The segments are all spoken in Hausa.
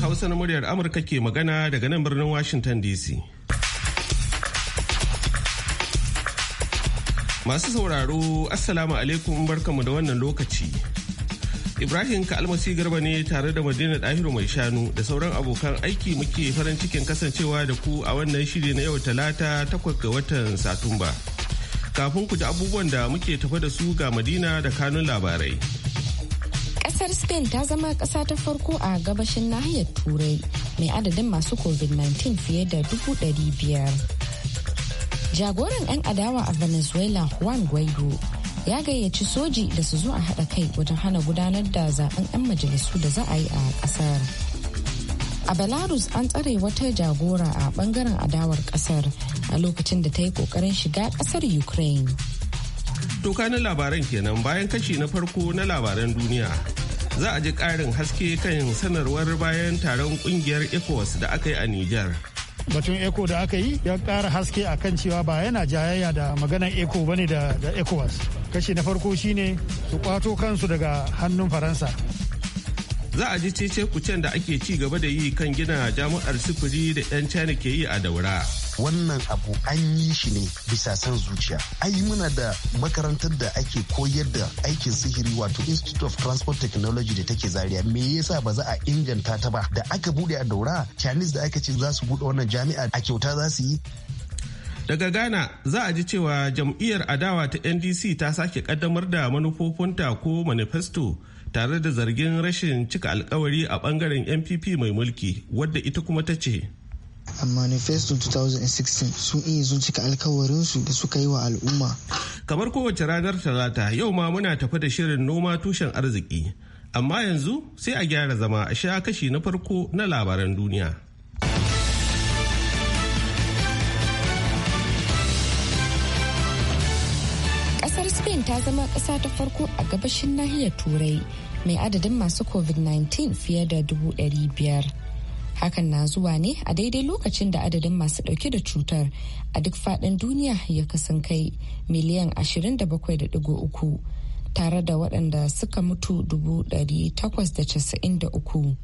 Hausa na muryar Amurka ke magana daga nan birnin Washington DC. Masu sauraro, Assalamu alaikum barkanmu da wannan lokaci. Ibrahim Kalmasi Garba ne tare da Madina ɗahiru mai shanu da sauran abokan aiki muke farin cikin kasancewa da ku a wannan shiri na yau talata takwas ga watan Satumba. kafin ku ji abubuwan da muke tafa da su ga madina da kanun labarai kasar spain ta zama kasa ta farko a gabashin nahiyar turai mai adadin masu covid-19 fiye da dubu biyar. jagoran 'yan adawa a venezuela juan guaido ya gayyaci soji da su zo a haɗa kai wajen hana gudanar da zaben 'yan majalisu da za a yi a kasar. a belarus an tsare wata jagora a bangaren adawar kasar a lokacin da ta yi kokarin shiga kasar ukraine doka na labaran kenan bayan kashi na farko na labaran duniya za a ji karin haske kan sanarwar bayan taron kungiyar ecowas da aka yi a niger batun eco da aka yi ya kara haske a kan cewa ba yana jayayya da maganar eco bane da ecowas kashi na farko shine su kwato kansu daga hannun faransa za a ji cece kucen da ake ci gaba da yi kan gina jami'ar sufuri da 'yan china ke yi a daura wannan abu an yi shi ne bisa san zuciya ai muna da makarantar da ake koyar da aikin sihiri wato institute of transport technology da take zaria me yasa ba za a inganta ta ba da aka bude a daura chinese da aka ce za su bude wannan jami'a a kyauta za su yi daga ghana za a ji cewa jam'iyyar adawa ta ndc ta sake kaddamar da manufofinta ko manifesto tare da zargin rashin cika alkawari a bangaren npp mai mulki wadda ita kuma ta ce a manifesto 2016 sun iya sun cika alkawarinsu da suka yi wa al'umma. Kamar kowace ranar talata yau ma muna tafi da shirin noma tushen arziki. Amma yanzu sai a gyara zama a sha kashi na farko na labaran duniya. Spain ta zama ƙasa ta farko a gabashin nahiyar Turai mai adadin masu COVID-19 fiye da 500. Hakan na zuwa ne a daidai lokacin da adadin masu ɗauke da cutar a duk faɗin duniya ya kasan kai miliyan 27.3 tare da waɗanda suka mutu 893.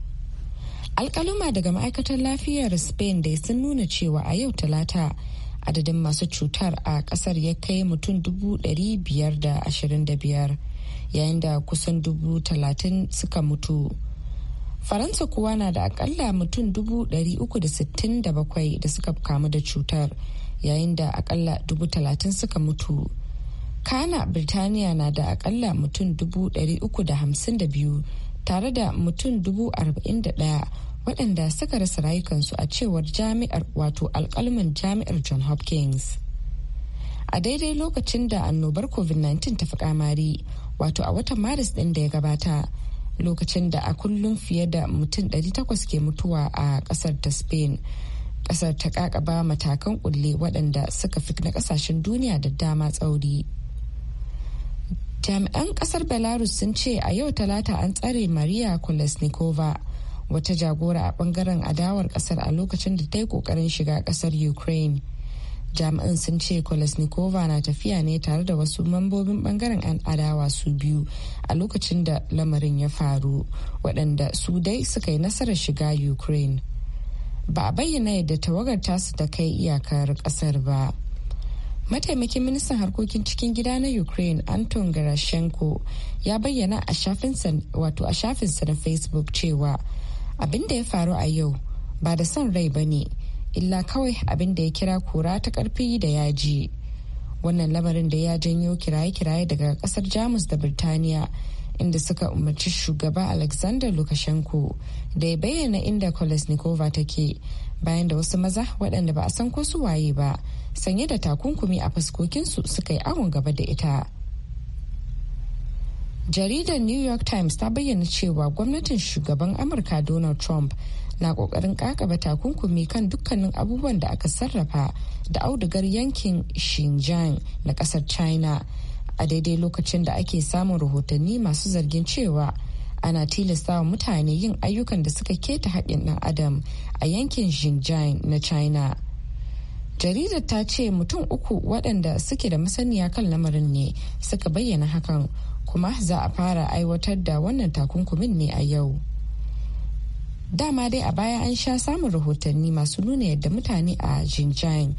Alƙaluma daga ma'aikatar lafiyar Spain dai sun nuna cewa a yau talata adadin masu cutar a kasar ya kai mutum biyar yayin da kusan dubu suka mutu faransa kuwa na da akalla mutum dubu da sittin da suka kamu da cutar yayin da akalla dubu suka mutu kana birtaniya na da akalla mutum dubu tare da mutum dubu arba'in waɗanda suka rasa rayukansu a cewar jami'ar wato alkalman jami'ar john hopkins a daidai lokacin da annobar covid-19 ta fi kamari wato a watan maris ɗin da ya gabata lokacin da a kullum fiye da mutum 800 ke mutuwa a ƙasar ta spain ƙasar ta kakaba matakan kulle waɗanda suka fi na ƙasashen duniya da dama tsauri jami'an ƙasar belarus sun ce a yau talata an tsare maria kolesnikova wata jagora a bangaren adawar kasar a lokacin da ta yi kokarin shiga kasar ukraine jami'an sun ce kolesnikova na tafiya ne tare da wasu mambobin bangaren an adawa su biyu a lokacin da lamarin ya faru waɗanda su dai suka yi nasarar shiga ukraine ba a bayyana yadda tawagar tasu ta kai iyakar kasar ba mataimakin ministan harkokin cikin gida na ukraine anton garashenko ya bayyana a shafinsa na facebook cewa abin da ya faru a yau ba da son rai ba ne illa kawai abin da ya kira kura ta karfi da yaji wannan lamarin da ya janyo kiraye-kiraye daga kasar jamus da birtaniya inda suka umarci shugaba alexander lukashenko da ya bayyana inda kolesnikova take bayan da wasu maza waɗanda ba a san ko su waye ba sanye da takunkumi a fuskokinsu suka yi awon gaba da ita jaridar new york times ta bayyana cewa gwamnatin shugaban amurka donald trump na kokarin kakaba takunkumi kan dukkanin abubuwan da aka sarrafa da audugar yankin xinjiang na kasar china a daidai lokacin da ake samun rahotanni masu zargin cewa ana tilasta wa mutane yin ayyukan da suka keta haƙƙin ɗan adam a yankin xinjiang na china jaridar ta ce mutum uku waɗanda suke da masaniya kan lamarin ne suka bayyana hakan kuma za a fara aiwatar da wannan takunkumin ne a yau dama dai a baya an sha samun rahotanni masu nuna yadda mutane a Xinjiang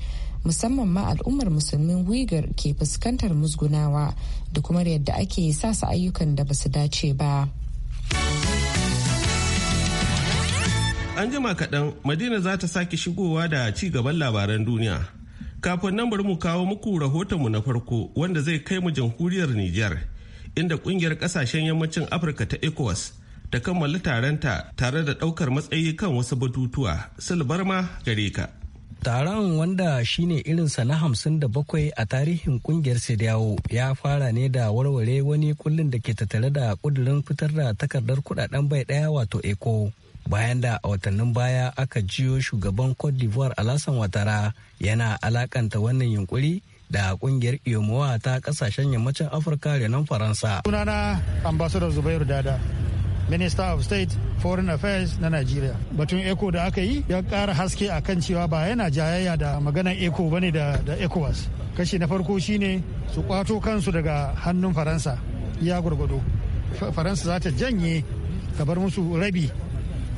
musamman ma al'ummar musulmin Uyghur ke fuskantar musgunawa da kuma yadda ake sa su ayyukan da basu dace ba. An jima kaɗan Madina za ta sake shigowa da ci gaban labaran duniya. Kafin nan bari mu kawo muku rahotonmu na farko wanda zai kai mu jamhuriyar Nijar. inda kungiyar kasashen yammacin afirka ta ecowas ta kammala taronta tare da daukar matsayi kan wasu batutuwa silbarma gare ka taron wanda shine irinsa na hamsin da bakwai a tarihin kungiyar sidiyawo ya fara ne da warware wani kullum da ke tattare da kudurin fitar da takardar kudaden bai daya wato eco bayan da a watannin baya aka jiyo shugaban cote d'ivoire alasan watara yana alakanta wannan yunkuri da kungiyar iomowa ta kasashen yammacin afirka nan faransa sunana ambassador zubairu dada minister of state foreign affairs na nigeria batun eco da aka yi ya kara haske a kan cewa ba yana jayayya da maganar eco bane da, da ecowas kashi na farko shine su kwato kansu daga hannun faransa ya gwargwado faransa za ta janye ka bar musu rabi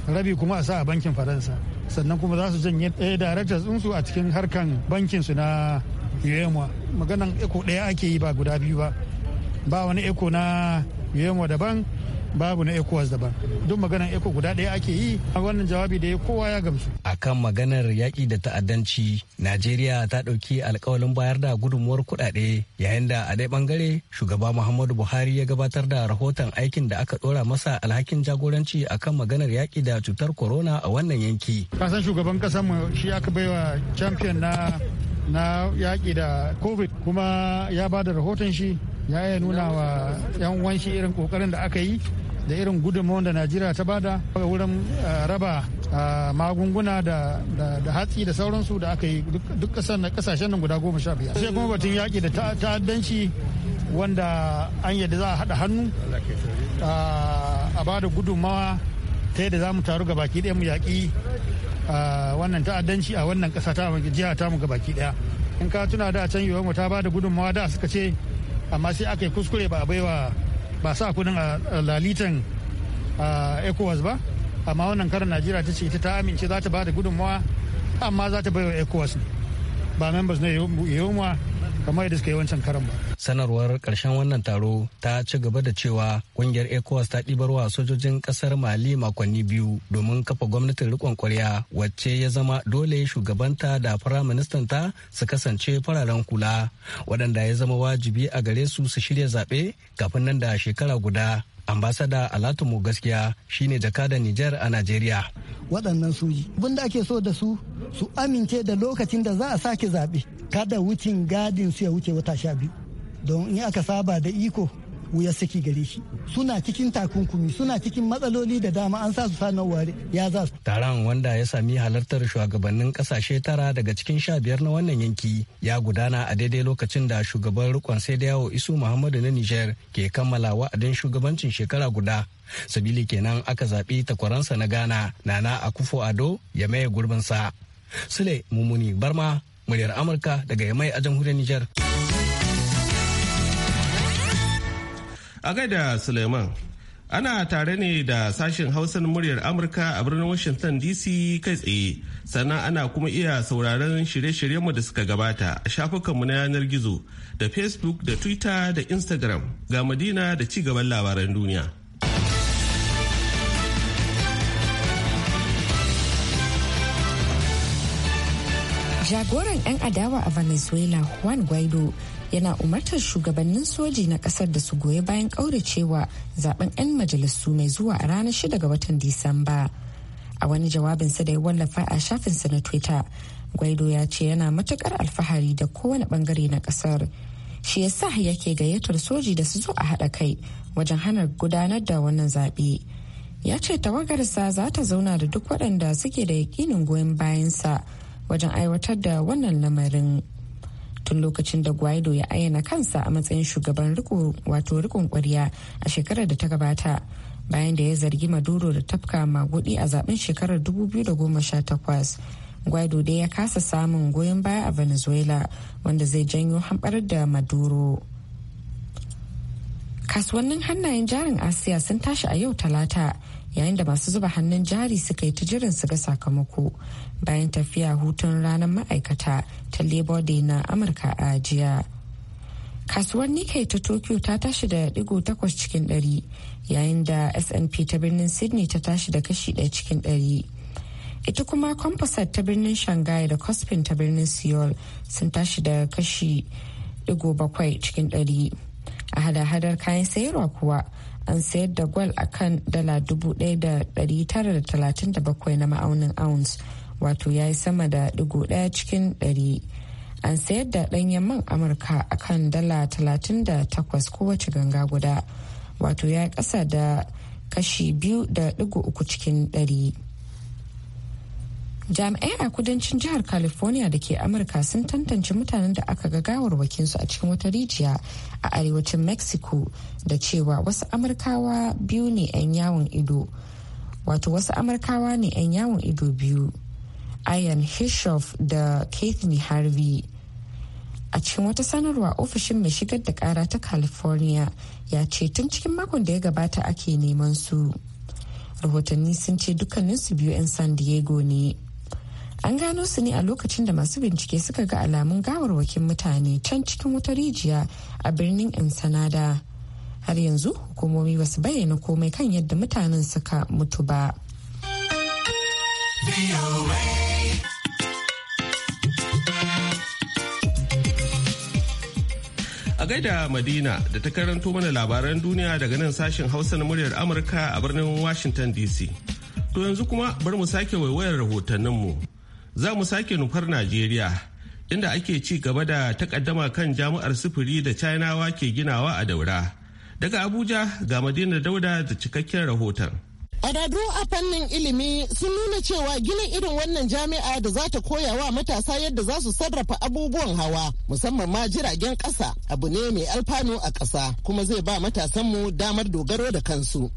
rabi kuma a sa a bankin faransa sannan kuma za su janye ɗaya eh, directors ɗinsu a cikin harkan bankinsu na yoyonwa maganan eko ɗaya ake yi ba guda biyu ba ba wani eko na yoyonwa daban babu na ecowas daban duk maganan eko guda ɗaya ake yi a wannan jawabi da ya kowa ya gamsu A kan maganar yaƙi da ta'addanci najeriya ta ɗauki alkawalin bayar da gudunmuwar kuɗaɗe yayin da a ɗaya ɓangare shugaba muhammadu buhari ya gabatar da rahoton aikin da aka ɗora masa alhakin jagoranci a kan maganar yaƙi da cutar corona a wannan yanki kasan shugaban ƙasar mu shi aka baiwa champion na na yaƙi da covid kuma ya ba da rahoton shi ya iya nuna wa 'yan wanshi irin kokarin da aka yi da irin gudunmawar da najeriya ta bada daga wurin eh, raba eh, magunguna da hatsi da sauransu da aka yi duk kasashen nan guda goma sha biyar sai kuma batun yaƙi da ta'addanci wanda an yadda za a haɗa hannu eh, a bada da gudunmawa ta yadda za mu taru ga baki ɗaya mu yaƙi wannan ta'addanci a wannan kasa ta jiha ta mu gabaki daya in ka tuna da can yiwuwar ta ba da gudunmawa da suka ce amma sai aka yi kuskure ba a baiwa ba sa kudin a lalitan ecowas ba amma wannan karin najeriya ta ce ita ta amince za ta ba da gudunmawa amma za ta baiwa ecowas ne ba members na yawon kamar yadda suka yi wancan karan ba sanarwar karshen wannan taro ta ci gaba da cewa ƙungiyar ecowas ta ɗibar wa sojojin ƙasar mali makonni biyu domin kafa gwamnatin riƙon ƙwarya wacce ya zama dole shugabanta da firaministanta su kasance fararen kula waɗanda ya zama wajibi a gare su su shirya zaɓe kafin nan da shekara guda ambasada alatumu gaskiya shine jakadan niger a Najeriya. Waɗannan soji, bunda ake so da su su amince da lokacin da za a sake zaɓe, kada wucin gadin su ya wuce wata sha biyu. don in aka saba da iko wuya saki gare shi suna cikin takunkumi suna cikin matsaloli da dama an sa su sanar ware ya za su. taron wanda ya sami halartar shugabannin kasashe tara daga cikin sha biyar na wannan yanki ya gudana a daidai lokacin da shugaban rikon sai da yawo isu muhammadu na niger ke kammala wa'adin shugabancin shekara guda sabili kenan aka zaɓi takwaransa na ghana nana akufo ado ya maye gurbinsa sule mumuni barma muryar amurka daga yamai a jamhuriyar niger. A gaida Suleiman, ana tare ne da sashen hausan muryar Amurka a birnin Washington DC kai tsaye, sannan ana kuma iya sauraron shirye-shiryenmu da suka gabata a shafukanmu na yanar gizo da Facebook da Twitter da Instagram ga Madina da ci gaban labaran duniya. jagoran 'yan adawa a venezuela juan guaido yana umartar shugabannin soji na kasar da su goyi bayan kauracewa zaben 'yan majalisu mai zuwa a ranar 6 ga watan disamba a wani jawabinsa da ya wallafa a shafinsa na twitter gwaido ya ce yana matukar alfahari da kowane bangare na kasar shi ya sa yake gayyatar soji da su zo a haɗa kai wajen hana gudanar da wannan zaɓe ya ce tawagarsa za ta zauna da duk waɗanda suke da yakinin goyon bayansa wajen aiwatar da wannan lamarin. tun lokacin da guaido ya ayyana kansa a matsayin shugaban riko wato rikon kwarya a shekarar da ta gabata bayan da ya zargi maduro da tafka magudi a zaben shekarar 2018 guaido dai ya kasa samun goyon baya a venezuela wanda zai janyo hamɓarar da maduro kasuwannin hannayen jarin asiya sun tashi a yau talata yayin da masu zuba hannun jari suka yi ta jiran su ga sakamako bayan tafiya hutun ranar ma'aikata ta labor day na amurka a jiya kasuwar nikkei ta tokyo ta tashi da digo takwas cikin dari yayin da snp ta birnin sydney ta tashi da kashi ɗaya cikin dari ita kuma composite ta birnin shanghai da cospin ta birnin seoul sun tashi da kashi digo bakwai cikin dari a hada-hadar kayan sayarwa kuwa an sayar da gwal a kan dala 1,937 na ma'aunin ounce wato ya yi sama da digo daya cikin ɗari an sayar da ɗanyen man amurka a kan dala 38 kowace ganga guda wato ya yi ƙasa da kashi biyu da digo uku cikin ɗari. jami'ai a kudancin jihar california da ke amurka sun tantance mutanen da aka ga gawarwakinsu a cikin wata rijiya a arewacin mexico da cewa wasu amurkawa biyu ne 'yan yawon ido wato wasu amurkawa ne 'yan yawon ido biyu ian hishoff da kathy harvey a cikin wata sanarwa ofishin mai shigar da kara ta california ya ce tun cikin makon da ya gabata ake neman su rahotanni sun ce dukkaninsu biyu 'yan san diego ne an gano su ne a lokacin da masu bincike suka ga alamun gawarwakin mutane can cikin wata rijiya a birnin insanada har yanzu hukumomi basu bayyana komai kan yadda mutanen suka mutu ba a gaida madina da ta karanto mana labaran duniya daga nan sashen hausa na muryar amurka a birnin washington dc to yanzu kuma bari mu sake waiwayar rahotanninmu za mu sake nufar najeriya inda ake ci gaba da takaddama kan jami'ar sufuri da chinawa ke ginawa a daura daga abuja ga madina dauda da cikakken rahoton adadu a fannin ilimi sun nuna cewa ginin irin wannan jami'a da za ta koya wa matasa yadda za su sarrafa abubuwan hawa musamman ma jiragen ƙasa abu ne mai alfanu a ƙasa kuma zai ba matasanmu damar dogaro da kansu.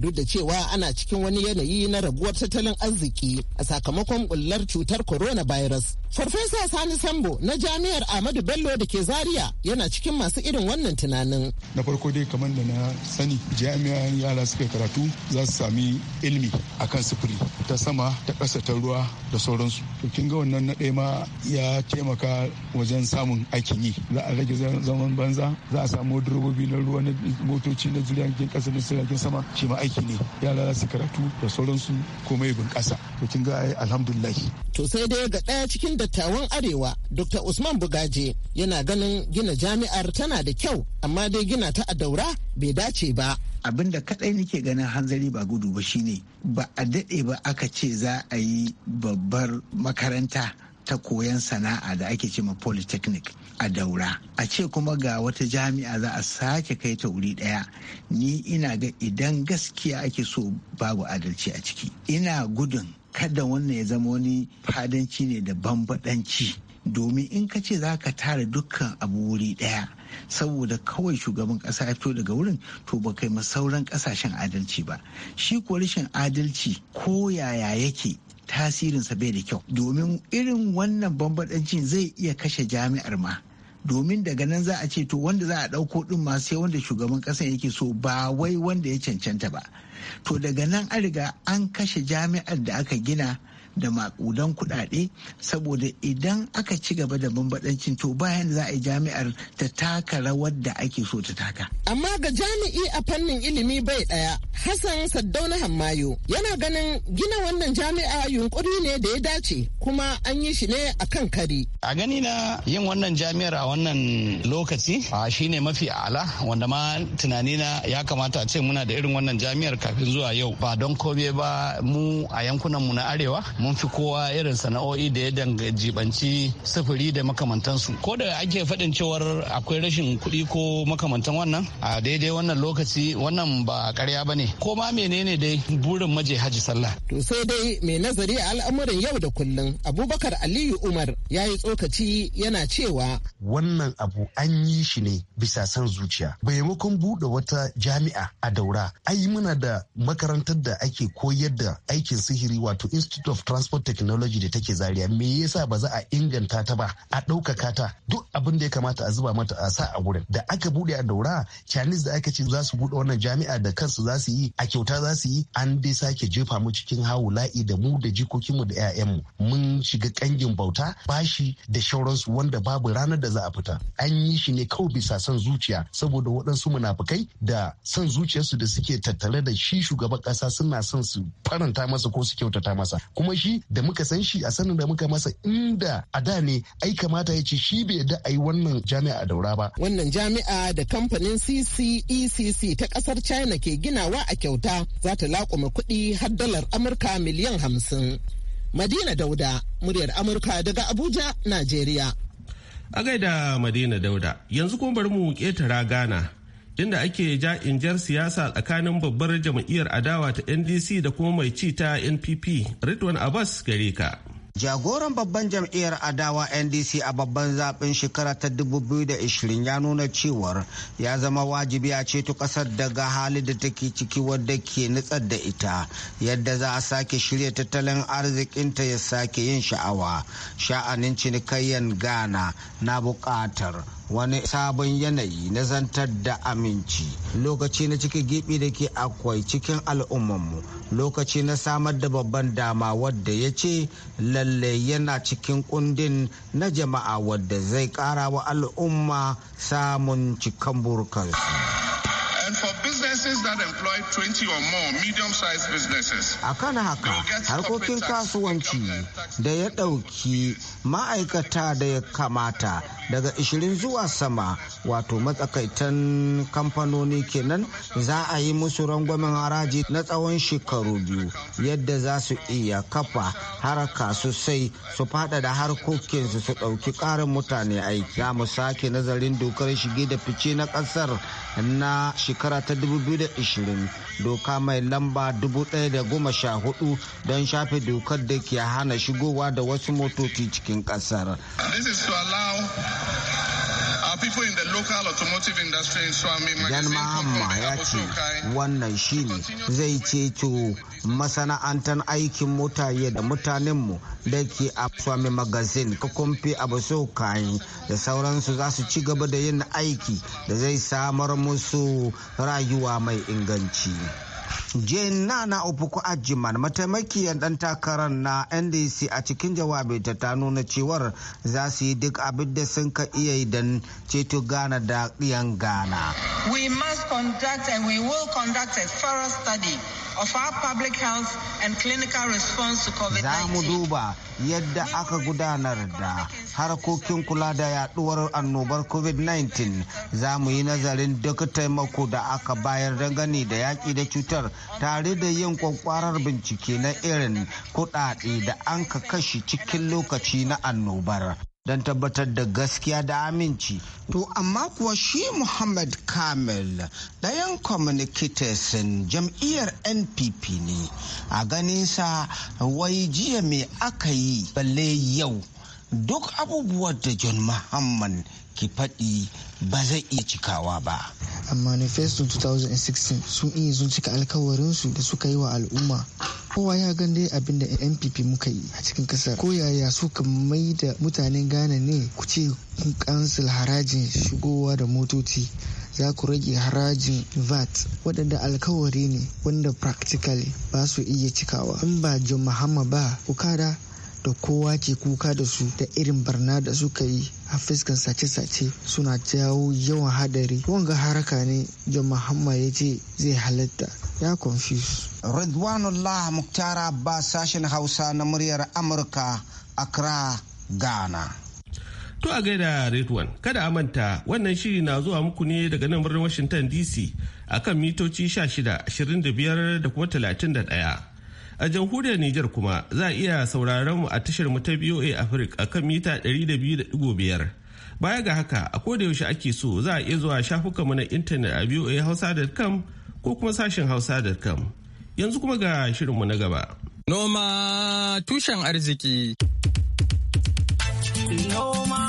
duk da cewa ana cikin wani yanayi na raguwar tattalin arziki a sakamakon bullar cutar coronavirus. Farfesa Sani Sambo na Jami'ar Ahmadu Bello da ke Zaria yana cikin masu irin wannan tunanin. Na farko dai kamar da na sani jami'an yara suka karatu za su sami ilimi akan sufuri ta sama ta ƙasa ta ruwa da sauransu. To kin ga wannan na ɗaya ma ya taimaka wajen samun aikin yi. Za a rage zaman banza, za a samu direbobi na ruwa na motoci na jiragen ƙasa na jiragen sama shi ma aiki ne yara za su karatu da sauransu ko bin bunƙasa to kin ga ai alhamdulillah to sai dai ga ɗaya cikin dattawan arewa dr usman bugaje yana ganin gina jami'ar tana da kyau amma dai gina ta a daura bai dace ba abin da kadai nake ganin hanzari ba gudu ba shine ba a daɗe ba aka ce za a yi babbar makaranta ta koyon sana'a da ake ce polytechnic a daura a ce kuma ga wata jami'a za a sake kai ta wuri daya ni ina ga idan gaskiya ake so babu adalci a ciki ina gudun kada wannan ya zama wani fadanci ne da bambadanci domin in ka ce za ka tara dukkan abu wuri daya saboda kawai shugaban kasa ya fito daga wurin to ba kai ma sauran kasashen adalci ba shi kuwa rashin adalci ko yaya yake tasirinsa bai da kyau domin irin wannan bambadancin zai iya kashe jami'ar ma domin daga nan za a ce to wanda za a ɗauko ɗin ma sai wanda shugaban ƙasa yake so ba wai wanda ya cancanta ba to daga nan an riga an kashe jami'ar da aka gina da maƙudan kuɗaɗe saboda idan aka ci gaba da bambadancin to bayan za a yi jami'ar ta taka rawar da ake so ta taka. Amma ga jami'i a fannin ilimi bai ɗaya Hassan Saddauna Hammayo yana ganin gina wannan jami'a yunkuri ne da ya dace kuma an yi shi ne a kan kari. A gani na yin wannan jami'ar a wannan lokaci a shi ne mafi ala wanda ma tunani na ya kamata a ce muna da irin wannan jami'ar kafin zuwa yau ba don kome ba mu a yankunan mu na arewa mun fi kowa irin sana'o'i da ya danga jibanci sufuri da makamantansu ko da ake faɗin cewar akwai rashin kuɗi ko makamantan wannan a daidai wannan lokaci wannan ba ƙarya ba ne ko ma menene dai burin maje haji sallah. To sai dai mai nazari a al'amuran yau da kullum Abubakar Aliyu Umar ya yi tsokaci yana cewa. Wannan abu an yi shi ne bisa san zuciya. Maimakon buɗe wata jami'a a daura ai muna da makarantar da ake koyar da aikin sihiri wato Institute of Transport Technology da take zaria me yasa ba za a inganta ta ba a ɗaukaka ta duk abin da ya kamata a zuba mata a sa a wurin da aka buɗe a daura Chinese da aka ce za su buɗe wannan jami'a da kansu za su yi yi a kyauta za su yi an dai sake jefa mu cikin la'i da mu da jikokinmu da 'ya'yanmu mun shiga kangin bauta bashi da shauransu wanda babu ranar da za a fita an yi shi ne kawai bisa son zuciya saboda waɗansu munafukai da son zuciyarsu da suke tattare da shi shugaban ƙasa suna son su faranta masa ko su kyautata masa kuma shi da muka san shi a sanin da muka masa inda a da ne ai kamata ya ce shi bai da yi wannan jami'a a daura ba wannan jami'a da kamfanin CCECC e ta ƙasar China ke ginawa ba a kyauta za ta laƙume kuɗi har dalar Amurka miliyan hamsin. Madina Dauda, muryar Amurka daga Abuja, Najeriya. A gaida Madina Dauda, yanzu kuma bari mu ƙetara Ghana, inda ake ja injar siyasa tsakanin babbar jam'iyyar adawa ta NDC da kuma mai ci ta NPP, Ridwan Abbas gare ka. Jagoran babban jam'iyyar adawa NDC a babban zaben shekara ta 2020 ya nuna cewar ya zama wajibi a ceto kasar daga hali da take ciki wadda ke nutsar da ita yadda za a sake shirya tattalin arzikinta ya sake yin sha'awa sha'anin cinikayyan Ghana na bukatar wani sabon yanayi na zantar da aminci lokaci na cikin gibi da ke akwai cikin al'ummanmu lokaci na samar da babban dama wadda ya ce lalle yana cikin kundin na jama'a wadda zai kara wa al'umma samun cikan burkansu. And for businesses that employ 20 or more medium-sized businesses. A kan haka harkokin kasuwanci da ya ɗauki ma'aikata da ya kamata daga 20 zuwa sama wato matsakaitan kamfanoni kenan za a yi musu rangwamen haraji na tsawon shekaru biyu yadda za su iya kafa haraka sosai su faɗaɗa harkokinsu su ɗauki ƙarin mutane aiki. Za mu sake nazarin dokar shige da fice na ƙasar na shekaru shekara ta 2020 doka mai lamba 1014 don shafe dokar da ke hana shigowa da wasu motoci cikin kasar. This to allow Yan Mahama ya ce wannan shine zai ceto masana'antar aikin mutane da mutanenmu da ke a Swami Magazine, Kakumfi Abosokai da sauransu za su ci gaba da yin aiki da zai samar musu rayuwa mai inganci. na opuku ajiman mataimakiyar dan takarar na ndc a cikin jawabinta ta nuna cewar za su yi duk abin da sun ka iya yi don ceto ghana da ɗiyan ghana we must conduct and we will conduct a thorough study of our public health and clinical response to covid-19 za mu duba yadda aka gudanar da harkokin kula da yaduwar annobar covid-19 za mu yi nazarin duk taimako da aka bayar dangane da yaƙi da cutar tare da yin kwakwarar bincike na irin kuɗaɗe da an ka kashe cikin lokaci na annobar. don tabbatar da gaskiya da aminci. To amma kuwa shi Muhammad Kamil ɗayan communicators jam'iyyar NPP ne a ganin sa wai jiya me aka yi balle yau duk abubuwan da John Muhammad ki faɗi ba zai iya cikawa ba. A manifesto 2016 sun iya sun cika alkawarinsu da suka yi wa al'umma. Kowa ya gan dai abin da NPP muka yi a cikin kasar. Ko yaya suka mai da mutanen Ghana ne ku ce kun kansil harajin shigowa da motoci. za ku rage harajin VAT waɗanda alkawari ne wanda practically ba su iya cikawa. In ba John Mahama ba, kada. da kowa ke kuka da su da irin barna da suka yi a fuskan sace-sace suna jawo yawan hadari ga haraka ne John muhammad ya ce zai halatta ya confuse Ridwanullah Muktara ba sashen Hausa na muryar Amurka Accra Ghana. To a gaida Redwan, kada a manta wannan shiri na zuwa muku ne daga nan birnin Washington DC akan mitoci 16, 25 da kuma 31. A jamhuriyar Nijar kuma za a iya sauraron mu a tashar mu ta BOA Africa a kan mita 200.5. Baya ga haka a koda yaushe ake so za a iya zuwa shafukan mu na intanet a boahausa.com ko kuma sashen hausa.com. Yanzu kuma ga shirinmu na gaba. Noma tushen arziki. Noma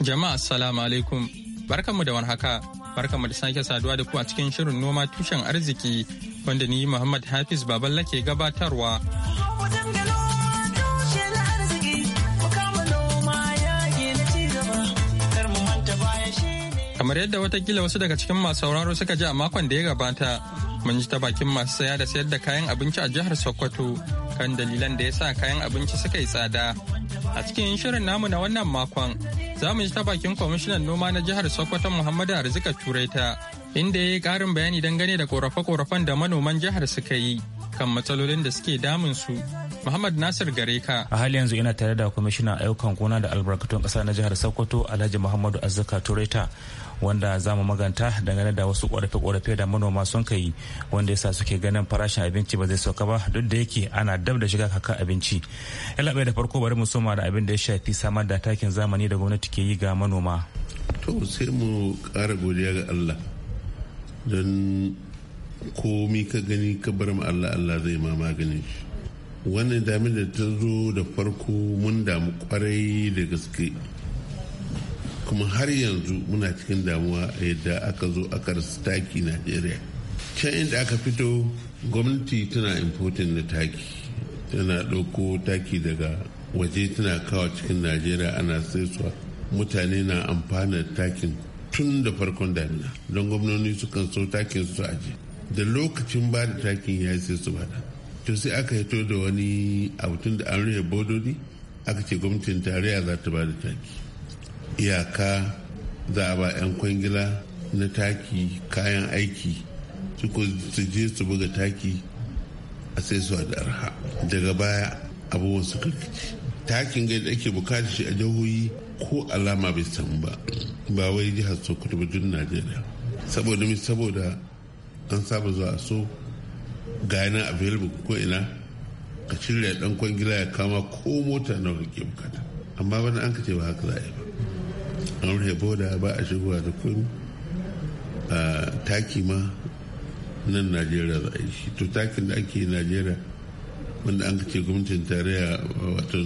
Jama'a salamu alaikum. Barkanmu da warhaka. haka. barkamu da sake saduwa da ku a cikin shirin noma tushen arziki wanda ni Muhammad Hafiz Baballa ke gabatarwa. Kamar yadda watakila wasu daga cikin masu sauraro suka ji a makon da ya gabata, mun ji ta bakin masu saya da sayar da kayan abinci a jihar Sokoto kan dalilan da ya sa kayan abinci suka yi tsada A cikin shirin namu na wannan makon za mu ji ta bakin kwamishinan noma na jihar Sokoto Muhammadu Arzika Turaita inda ya yi karin bayani dangane da korafe-korafen da manoman jihar suka yi kan matsalolin da suke damun su Muhammad Nasir Gareka. A hali yanzu ina tare da kwamishinan ayyukan gona da albarkatun ƙasa na jihar Sokoto Alhaji Muhammadu turai turaita. wanda za mu maganta dangane da wasu korafe-korafe da manoma sun kai wanda yasa suke ganin farashin abinci ba zai sauka ba duk da yake ana dab da shiga kaka abinci yalaɓai da farko bari mu soma da abin da ya shafi samar da takin zamani da gwamnati ke yi ga manoma to sai mu ƙara godiya ga allah don komi ka gani ka bar ma allah allah zai ma maganin wannan damin da ta zo da farko mun damu kwarai da gaske kuma har yanzu muna cikin damuwa a yadda aka zo aka rasa taki najeriya can inda aka fito gwamnati tana importing na taki tana ɗauko taki daga waje tana kawo cikin najeriya ana saisuwa mutane na amfana takin tun da farkon damina don gwamnoni sukan so takin su aji da lokacin ba da takin ya sai su bada to sai aka hito da wani abu tun da an rage bododi aka ce gwamnatin tarayya za ta ba da taki iyaka za a ba 'yan kwangila na taki kayan aiki su je su buga taki a sai su da arha daga baya abubuwan su kirkici takin gai da ake bukata shi a jihohi ko alama bai samu ba ba wai jihar sokoto ba duk najeriya saboda mi saboda an saba zuwa so ga yana available ko ina ka shirya dan kwangila ya kama ko mota na kake bukata amma bana an ka ce ba haka za a yi ba an rufe boda ba a shigowa da komi a taki ma nan najeriya za a yi shi to takin da ake najeriya wanda an ce gwamnatin tarayya wato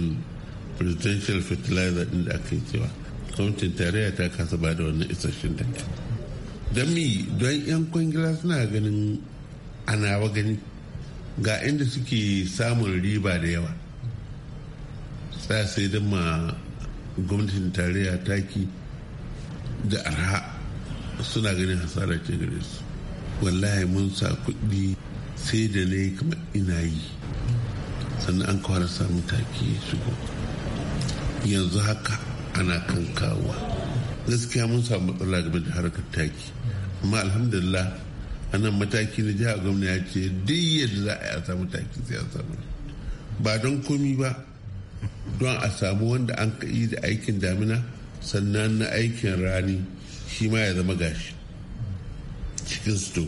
presidential fertilizer din da aka yi cewa gwamnatin tarayya ta kasa ba da wannan isasshen taki don mi don yan kwangila suna ganin wa gani ga inda suke samun riba da yawa sai sai ma gwamnatin tarayya taki da arha suna ganin hasara ce gare su wallahi mun sa kuɗi sai da na kamar ina yi sannan an kawar samun taki shigo yanzu haka ana kan kawowa gaskiya mun samu matsala game da harkar taki amma alhamdulillah anan mataki na jiha gwamna ya ce duk yadda za a yi a samu taki sai a samu ba don komi ba don a samu wanda an yi da aikin damina sannan na aikin rani shi ma ya zama gashi cikin sto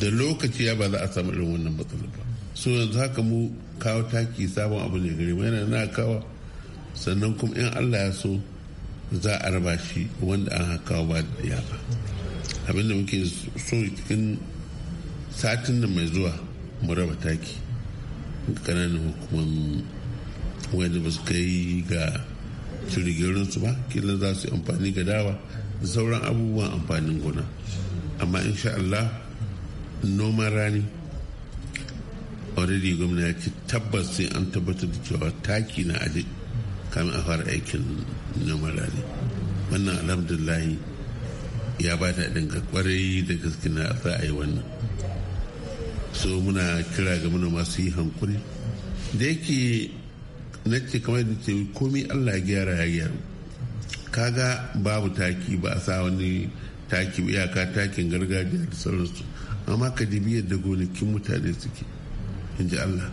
da lokaci ya ba za a samu irin wannan matsala ba so yanzu haka mu kawo taki sabon abu ne gare yana na kawa sannan kuma in allah ya so za a raba shi wanda an kawo ba da ya ba abinda muke so cikin satin nan mai zuwa mu raba taki ƙananan hukumar wanda ba su kai ga su ba kila za su amfani ga dawa da sauran abubuwan amfanin gona amma in sha Allah noma rani already gwamna ya ce tabbas sai an tabbatar da cewa taki na aji kamin a fara aikin noman rani wannan alhamdulillahi ya ba ta ɗinka kwarai da gaske na za a yi wannan so muna kira ga manoma su yi hankuri da yake na ce kamar da ce komai allah ya gyara ya gyaru kaga babu taki ba a sa wani taki iyaka takin gargajiya da sauransu amma ka dibi yadda gonakin mutane suke in ji allah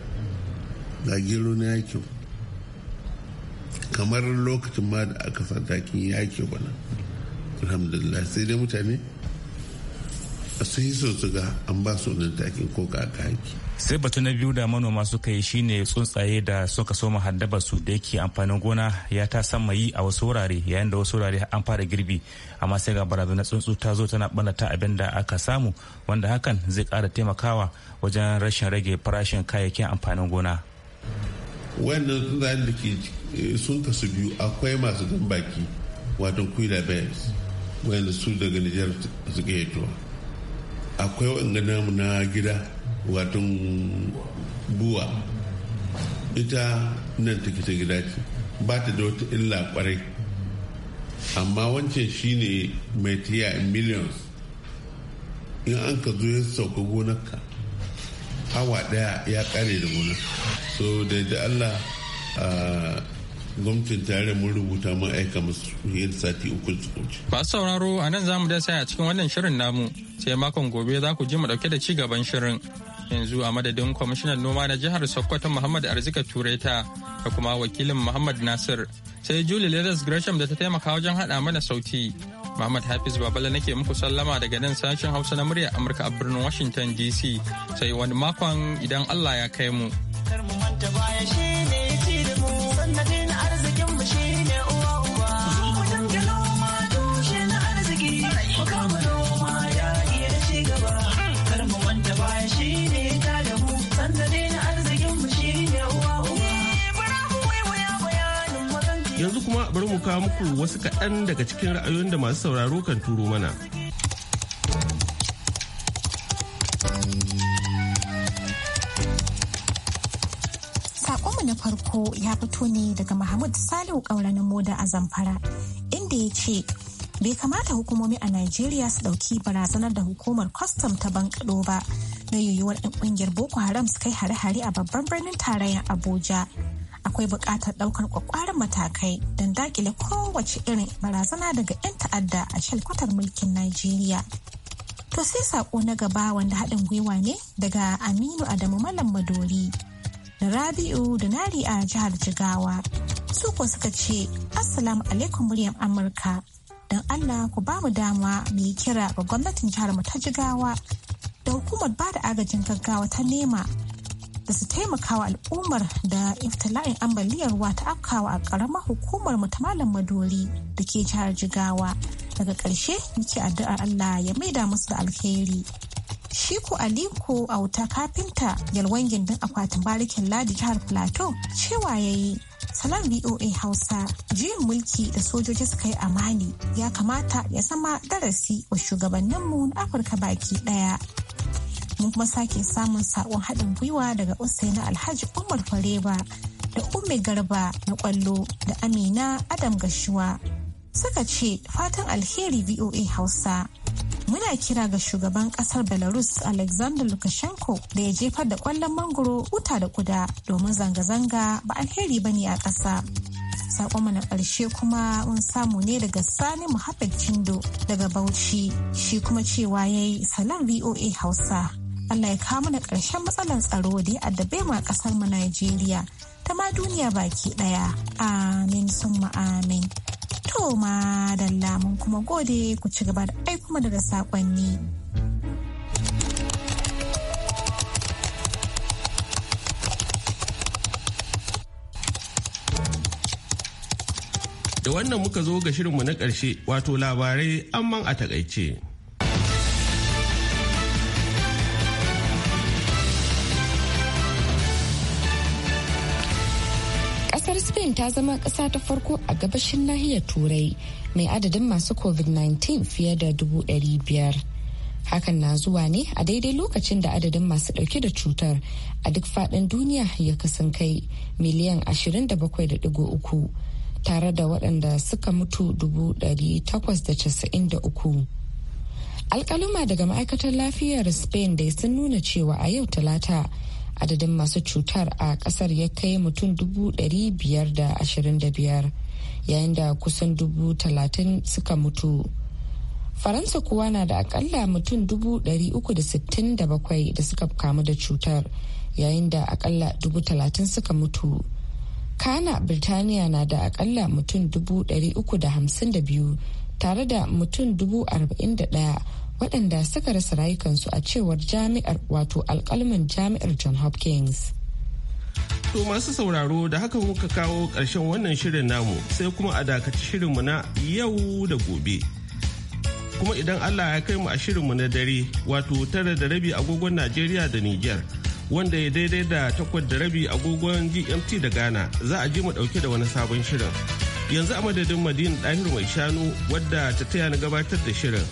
ga gero na ya kyau kamar lokacin ma da aka sa takin ya kyau bana alhamdulillah sai dai mutane sun yi so su an ba su da takin ko ga haki. sai batu na biyu da manoma suka yi shine tsuntsaye da suka so haddabar su da yake amfanin gona ya ta sama yi a wasu wurare yayin da wasu wurare an fara girbi amma sai ga barazana tsuntsu ta zo tana ɓanata abin da aka samu wanda hakan zai kara taimakawa wajen rashin rage farashin kayayyakin amfanin gona. wannan tsuntsayen da ke eh, sun kasu biyu akwai masu dan baki wato kuila bears wanda su daga nijar suke hitowa akwai wanda namu na gida wato buwa ita nan take ta gida ce ba ta da wata illa kwarai amma wancan shine mai tiya millions in an ka zo ya sauka gonarka hawa daya ya kare da gona so da allah ah, gwamnatin tare mun rubuta mun aika musu yin sati uku su kuce. Masu sauraro a nan zamu da sai a cikin wannan shirin namu sai makon gobe za ku ji mu dauke da ci gaban shirin. Yanzu a madadin kwamishinan noma na jihar Sokoto Muhammad Arzika Tureta da kuma wakilin Muhammad Nasir sai juli ladas Gresham da ta taimaka wajen hada mana sauti. Muhammad Hafiz Babala nake muku sallama daga nan sashen Hausa na muryar Amurka a birnin Washington DC sai wani makon idan Allah ya kai mu. Kar mu manta baya shi kuma bari mu kawo muku wasu kaɗan daga cikin ra'ayoyin da masu sauraro kan turo mana. saƙonmu na farko ya fito ne daga Mahmud Salihu ƙauranin Moda a Zamfara, inda ya ce bai kamata hukumomi a Najeriya su ɗauki barazanar da hukumar kwastam ta bankaɗo ba na yiwuwar 'yan ƙungiyar Boko Haram su kai hare-hare a babban birnin tarayyar Abuja akwai buƙatar ɗaukar ƙwaƙwaran matakai don daƙile kowace irin barazana daga 'yan ta'adda a shalkwatar mulkin Najeriya. To sai saƙo na gaba wanda haɗin gwiwa ne daga Aminu Adamu Malam Madori da Rabi'u da Nari a jihar Jigawa. Su ko suka ce, Assalamu alaikum muryar Amurka. Don Allah ku ba mu dama mu kira ga gwamnatin jihar mu ta Jigawa da hukumar ba da agajin gaggawa ta nema da su taimakawa al'ummar da iftila'in ambaliyar ruwa ta afkawa a karamar hukumar mu ta malam madori da ke jihar jigawa daga ƙarshe muke addu'ar allah ya maida musu da alheri Shiku Aliko Auta kafinta yalwan gindin akwatin barikin ladi jihar Plateau cewa ya yi salam VOA Hausa juyin mulki da sojoji suka yi a ya kamata ya sama darasi wa shugabanninmu na Afirka baki daya. mun kuma sake samun sakon haɗin gwiwa daga usai na alhaji umar fareba da ume garba na kwallo da amina adam gashuwa suka ce fatan alheri voa hausa muna kira ga shugaban kasar belarus alexander lukashenko da ya jefar da kwallon mangoro wuta da kuda domin zanga-zanga ba alheri bane a ƙasa sakonmu na ƙarshe kuma mun samu ne daga sani muhammad cindo daga bauchi shi kuma cewa ya yi salam voa hausa Allah ya kawo mana ƙarshen matsalar tsaro da ya addabe mu a ƙasar mu Najeriya ta ma duniya baki ɗaya. Amin summa amin. To ma dalla mun kuma gode ku ci gaba da aiki kuma da sakonni. Da wannan muka zo ga shirinmu na ƙarshe wato labarai amman a takaice. ta zama ƙasa ta farko a gabashin nahiyar turai mai adadin masu covid-19 fiye da 500 hakan na zuwa ne a daidai lokacin da adadin masu ɗauke da cutar a duk faɗin duniya ya kasan kai miliyan 27.3 tare da waɗanda suka mutu 893 alkaluma daga ma'aikatar lafiyar spain dai sun nuna cewa a yau talata adadin masu cutar a kasar ya kai mutum dubu biyar da ashirin da biyar yayin da kusan dubu talatin suka mutu faransa kuwa na da akalla mutum dubu uku da sittin da bakwai da suka kamu da cutar yayin da akalla dubu talatin suka mutu kana birtaniya na da akalla mutum dubu uku da hamsin da biyu tare da mutum dubu arba'in da daya. waɗanda suka rasa rayukansu a cewar jami'ar wato alkalmin jami'ar john hopkins To masu sauraro da haka muka kawo ƙarshen wannan shirin namu sai kuma a dakaci shirinmu na yau da gobe. Kuma idan Allah ya kai mu a shirinmu na dare wato tara da rabi agogon Najeriya da niger wanda ya daidai da takwas da rabi agogon GMT da Ghana za a ji mu ɗauke da wani sabon shirin. Yanzu a madadin Madina Ɗahir Mai Shanu wadda ta taya na gabatar da shirin.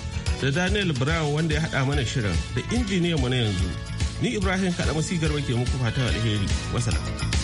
da Daniel Brown wanda ya haɗa mana shirin da injiniyan mu na yanzu. Ni Ibrahim Kaɗa Masigar ke muku fatan alheri. Wasalam.